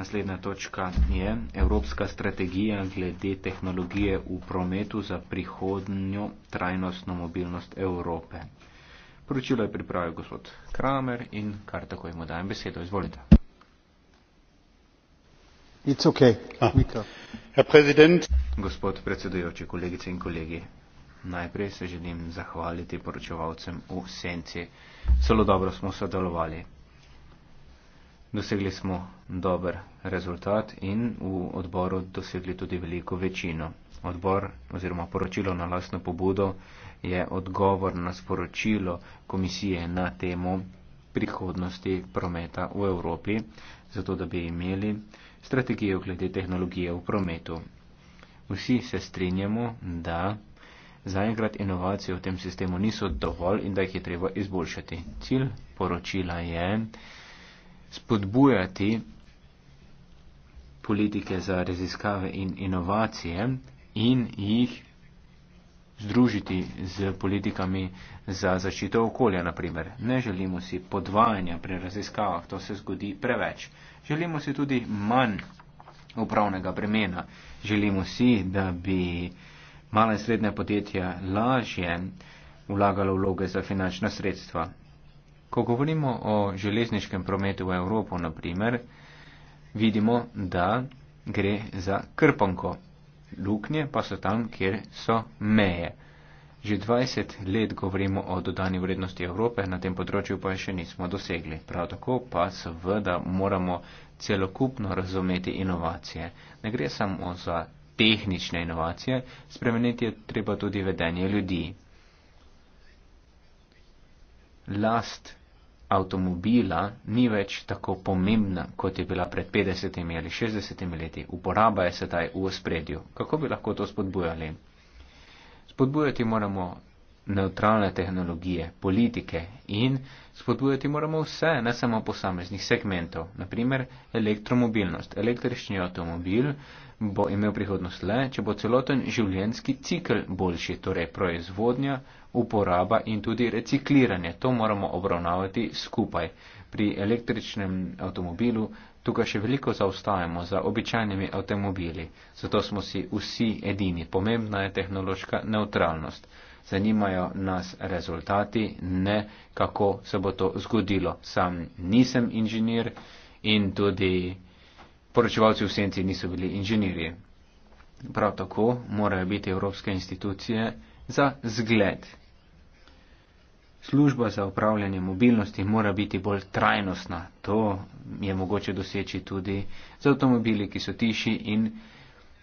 Naslednja točka je Evropska strategija glede tehnologije v prometu za prihodnjo trajnostno mobilnost Evrope. Poročilo je pripravil gospod Kramer in kar tako jim dajem besedo. Izvolite. Okay. Ah. Gospod predsedujoči, kolegice in kolegi, najprej se želim zahvaliti poročevalcem v senci. Zelo dobro smo sodelovali dosegli smo dober rezultat in v odboru dosegli tudi veliko večino. Odbor oziroma poročilo na lastno pobudo je odgovor na sporočilo komisije na temo prihodnosti prometa v Evropi, zato da bi imeli strategijo glede tehnologije v prometu. Vsi se strinjamo, da zaenkrat inovacije v tem sistemu niso dovolj in da jih je treba izboljšati. Cilj poročila je, spodbujati politike za raziskave in inovacije in jih združiti z politikami za zaščito okolja, naprimer. Ne želimo si podvajanja pri raziskavah, to se zgodi preveč. Želimo si tudi manj upravnega bremena. Želimo si, da bi mala in srednja podjetja lažje vlagala vloge za finančna sredstva. Ko govorimo o železniškem prometu v Evropo, naprimer, vidimo, da gre za krpanko. Luknje pa so tam, kjer so meje. Že 20 let govorimo o dodani vrednosti Evrope, na tem področju pa je še nismo dosegli. Prav tako pa seveda moramo celokupno razumeti inovacije. Ne gre samo za tehnične inovacije, spremeniti je treba tudi vedenje ljudi. Last avtomobila ni več tako pomembna, kot je bila pred 50 ali 60 leti. Uporaba je sedaj v ospredju. Kako bi lahko to spodbujali? Spodbujati moramo neutralne tehnologije, politike in spodbujati moramo vse, ne samo posameznih segmentov, naprimer elektromobilnost. Električni avtomobil bo imel prihodnost le, če bo celoten življenjski cikl boljši, torej proizvodnja, uporaba in tudi recikliranje. To moramo obravnavati skupaj. Pri električnem avtomobilu tukaj še veliko zaostajamo za običajnimi avtomobili, zato smo si vsi edini. Pomembna je tehnološka neutralnost zanimajo nas rezultati, ne kako se bo to zgodilo. Sam nisem inženir in tudi poročevalci v senci niso bili inženirji. Prav tako morajo biti evropske institucije za zgled. Služba za upravljanje mobilnosti mora biti bolj trajnostna. To je mogoče doseči tudi z avtomobili, ki so tiši in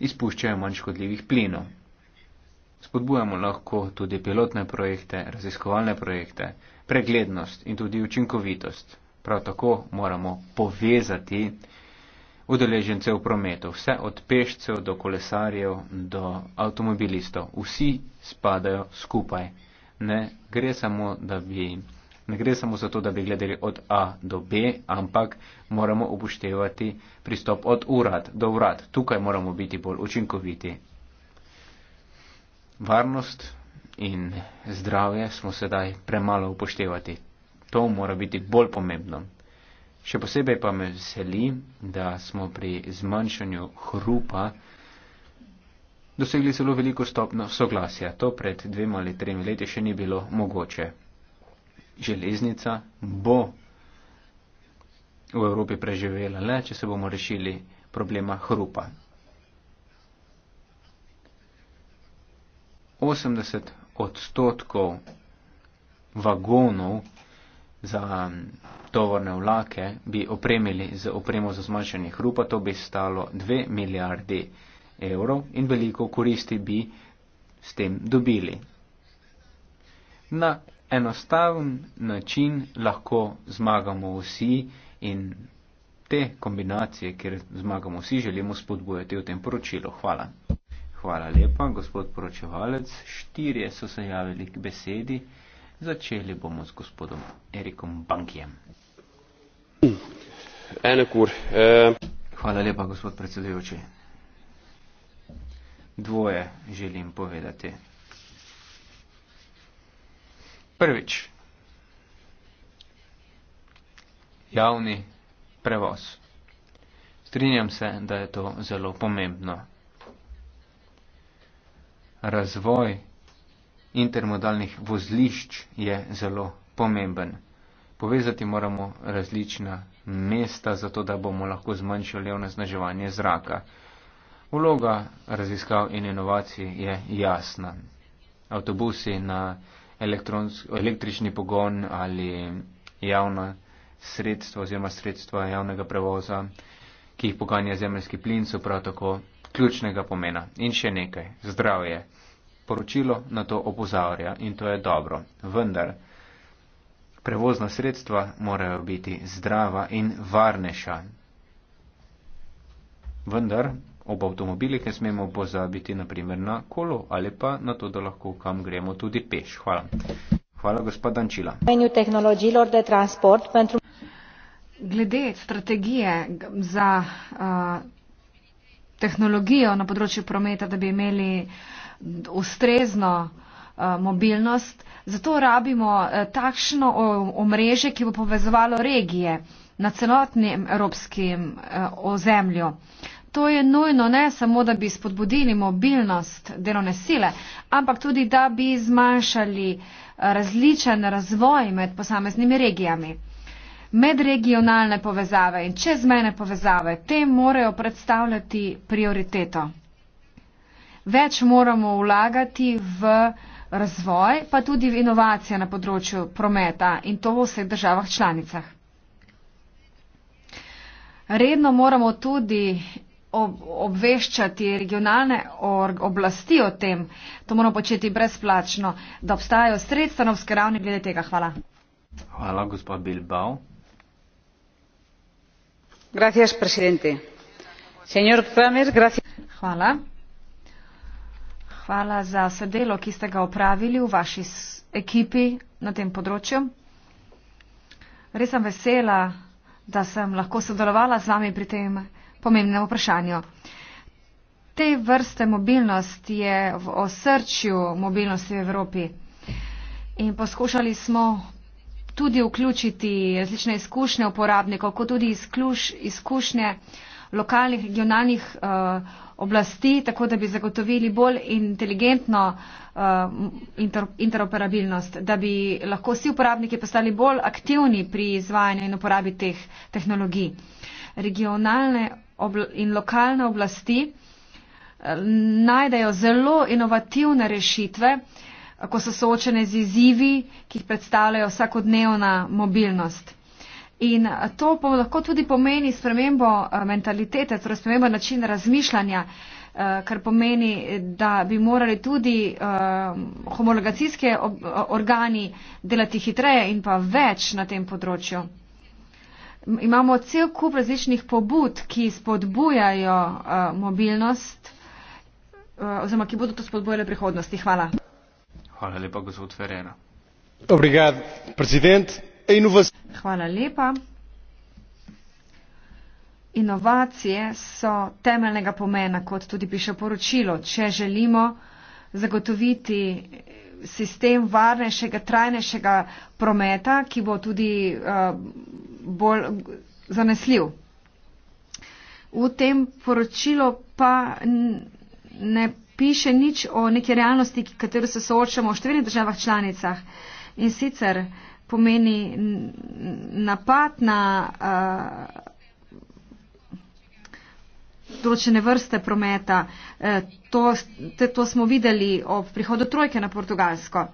izpuščajo manj škodljivih plinov. Spodbujamo lahko tudi pilotne projekte, raziskovalne projekte, preglednost in tudi učinkovitost. Prav tako moramo povezati udeležence v prometu, vse od pešcev do kolesarjev do avtomobilistov. Vsi spadajo skupaj. Ne gre samo, da bi. Ne gre samo za to, da bi gledali od A do B, ampak moramo upoštevati pristop od urad do urad. Tukaj moramo biti bolj učinkoviti varnost in zdravje smo sedaj premalo upoštevati. To mora biti bolj pomembno. Še posebej pa me veseli, da smo pri zmanjšanju hrupa dosegli zelo veliko stopno soglasja. To pred dvema ali tremi leti še ni bilo mogoče. Železnica bo v Evropi preživela le, če se bomo rešili problema hrupa. 80 odstotkov vagonov za tovorne vlake bi opremili z opremo za zmanjšanje hrupa, to bi stalo 2 milijarde evrov in veliko koristi bi s tem dobili. Na enostaven način lahko zmagamo vsi in te kombinacije, kjer zmagamo vsi, želimo spodbujati v tem poročilu. Hvala. Hvala lepa, gospod poročevalec. Štirje so se javili k besedi. Začeli bomo s gospodom Erikom Bankijem. Enekur. Hvala lepa, gospod predsedujoči. Dvoje želim povedati. Prvič. Javni prevoz. Strinjam se, da je to zelo pomembno razvoj intermodalnih vozlišč je zelo pomemben. Povezati moramo različna mesta, zato da bomo lahko zmanjšali onesnaževanje zraka. Vloga raziskav in inovacij je jasna. Avtobusi na električni pogon ali javna sredstva oziroma sredstva javnega prevoza, ki jih poganja zemljski plin, so prav tako ključnega pomena. In še nekaj, zdravje. Poročilo na to opozarja in to je dobro, vendar prevozna sredstva morajo biti zdrava in varnejša. Vendar ob avtomobilih ne smemo pozabiti naprimer na kolo ali pa na to, da lahko kam gremo tudi peš. Hvala. Hvala, gospod Dančila. Glede strategije za. Uh, tehnologijo na področju prometa, da bi imeli ustrezno eh, mobilnost. Zato rabimo eh, takšno omrežje, ki bo povezovalo regije na celotnem evropskem eh, ozemlju. To je nujno ne samo, da bi spodbudili mobilnost delovne sile, ampak tudi, da bi zmanjšali različen razvoj med posameznimi regijami medregionalne povezave in čezmene povezave, te morajo predstavljati prioriteto. Več moramo vlagati v razvoj, pa tudi v inovacije na področju prometa in to v vseh državah članicah. Redno moramo tudi ob obveščati regionalne oblasti o tem, to moramo početi brezplačno, da obstajajo sredstvenovske ravni glede tega. Hvala. Hvala, gospod Bilbao gracias presidente señor kramer gracias hvala. Hvala Res sem vesela, da sem lahko sodelovala z vami pri tem pomembnem vprašanju. Te vrste mobilnost je v osrčju mobilnosti v Evropi in poskušali smo tudi vključiti različne izkušnje uporabnikov, kot tudi izkluš, izkušnje lokalnih, regionalnih uh, oblasti, tako da bi zagotovili bolj inteligentno uh, inter, interoperabilnost, da bi lahko vsi uporabniki postali bolj aktivni pri izvajanju in uporabi teh tehnologij. Regionalne obla, in lokalne oblasti uh, najdejo zelo inovativne rešitve, uh, ko so soočene z izzivi, ki jih predstavljajo vsakodnevna mobilnost. In eh, to pa lahko tudi pomeni spremembo eh, mentalitete, torej spremembo načina razmišljanja, eh, kar pomeni, da bi morali tudi homologacijske organi delati hitreje in pa več na tem področju. Imamo cel kup različnih pobud, ki spodbujajo mobilnost oziroma ki bodo to spodbojale prihodnosti. Hvala. Hvala lepa, gospod Ferena. Hvala lepa. Inovacije so temeljnega pomena, kot tudi piše poročilo. Če želimo zagotoviti sistem varnejšega, trajnejšega prometa, ki bo tudi uh, bolj zanesljiv. V tem poročilu pa ne piše nič o neki realnosti, katero se soočamo v številnih državah članicah. In sicer pomeni napad na uh, določene vrste prometa. Uh, to, te, to smo videli ob prihodu trojke na Portugalsko.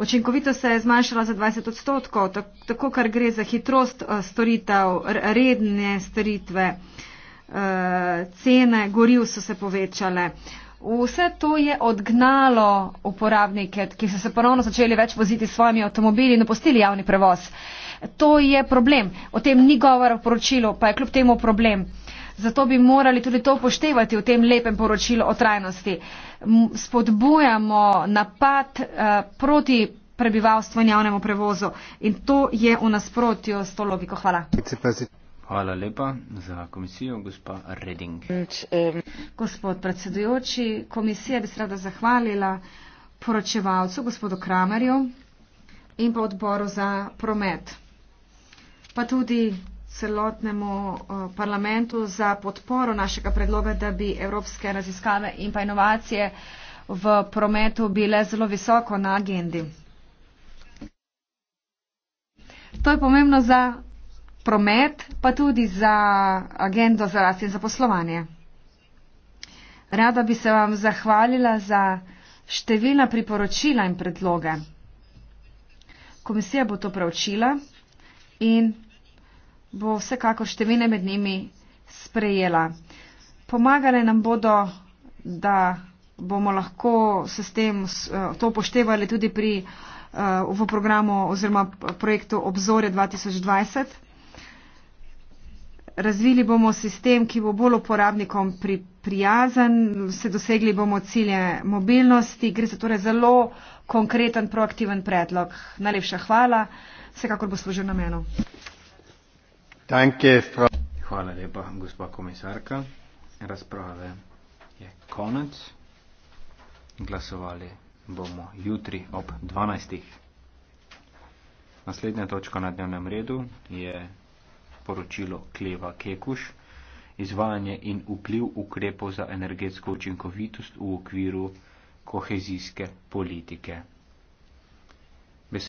Očinkovito se je zmanjšala za 20 odstotkov, tako kar gre za hitrost uh, storitev, redne storitve, uh, cene goriv so se povečale. Uh, Vse to je odgnalo uporabnike, ki so se ponovno začeli več voziti s svojimi avtomobili in opustili javni prevoz. To je problem. O tem ni govora v poročilu, pa je kljub temu problem. Zato bi morali tudi to upoštevati v tem lepem poročilu o trajnosti. Spodbujamo napad uh, proti prebivalstvu in javnemu prevozu in to je v nasprotju s to logiko. Hvala. Cipazit. Hvala lepa za komisijo, gospa Reding. Gospod predsedujoči, komisija bi se rada zahvalila poročevalcu, gospodu Kramerju in pa odboru za promet, pa tudi celotnemu eh, parlamentu za podporo našega predloga, da bi evropske raziskave in pa inovacije v prometu bile zelo visoko na agendi. To je pomembno za promet, pa tudi za agendo za rast in za poslovanje. Rada bi se vam zahvalila za številna priporočila in predloge. Komisija bo to preučila in bo vsekako številne med njimi sprejela. Pomagale nam bodo, da bomo lahko se s tem eh, to upoštevali tudi pri, eh, v programu oziroma projektu Obzore 2020. Razvili bomo sistem, ki bo bolj uporabnikom pri, prijazen, se dosegli bomo cilje mobilnosti. Gre za torej zelo konkreten, proaktiven predlog. Najlepša hvala, vsekakor bo služil namenu. Hvala lepa, gospa komisarka. Razprave je konec. Glasovali bomo jutri ob 12. Naslednja točka na dnevnem redu je poročilo Kleva Kekuš, izvajanje in vpliv ukrepov za energetsko učinkovitost v okviru kohezijske politike.